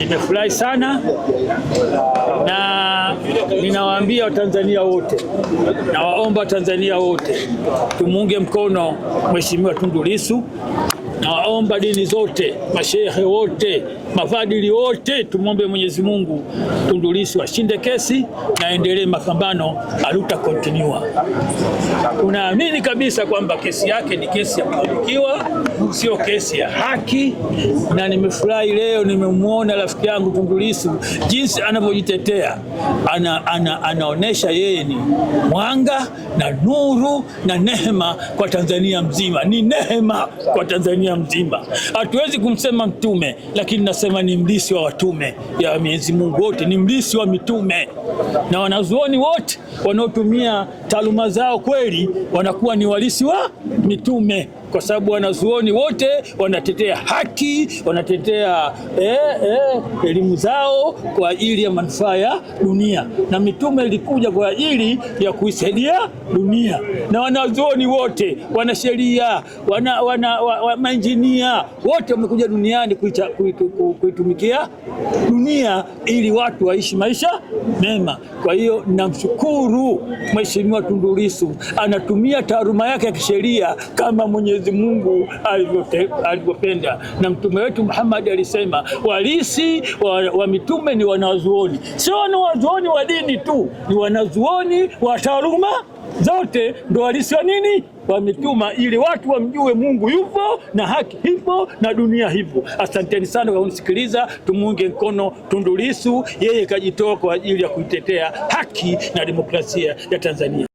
Nimefurahi sana na ninawaambia Watanzania wote na waomba Watanzania wote tumuunge mkono Mheshimiwa Tundu Lissu Nawaomba dini zote, mashehe wote, mafadili wote, tumwombe Mwenyezi Mungu Tundu Lissu ashinde kesi na endelee mapambano aluta continue. Tunaamini kabisa kwamba kesi yake ni kesi ya kuandikiwa, sio kesi ya haki, na nimefurahi leo nimemwona rafiki yangu Tundu Lissu jinsi anavyojitetea, ana, ana, anaonesha yeye ni mwanga na nuru na nehema kwa Tanzania mzima, ni nehema kwa Tanzania Dunia mzima hatuwezi kumsema mtume, lakini nasema ni mlisi wa watume ya Mwenyezi Mungu wote, ni mlisi wa mitume na wanazuoni wote wanaotumia taaluma zao kweli wanakuwa ni walisi wa mitume, kwa sababu wanazuoni wote wanatetea haki, wanatetea eh, eh, elimu zao kwa ajili ya manufaa ya dunia, na mitume ilikuja kwa ajili ya kuisaidia dunia. Na wanazuoni wote, sheria wana, wana, wana, wana mainjinia wote wamekuja duniani kuitumikia dunia ili watu waishi maisha mema. Kwa hiyo namshukuru Tundu, Mheshimiwa Tundu Lissu anatumia taaluma yake ya kisheria kama Mwenyezi Mungu alivyopenda, na mtume wetu Muhammad alisema walisi wa, wa mitume ni wanazuoni, sio wanazuoni wa dini tu, ni wanazuoni wa taaluma zote ndo walisiwa nini, wametuma ili watu wamjue Mungu yupo na haki hivyo na dunia hivyo. Asanteni sana kwa kunisikiliza. Tumuunge mkono Tundu Lissu, yeye kajitoa kwa ajili ya kuitetea haki na demokrasia ya Tanzania.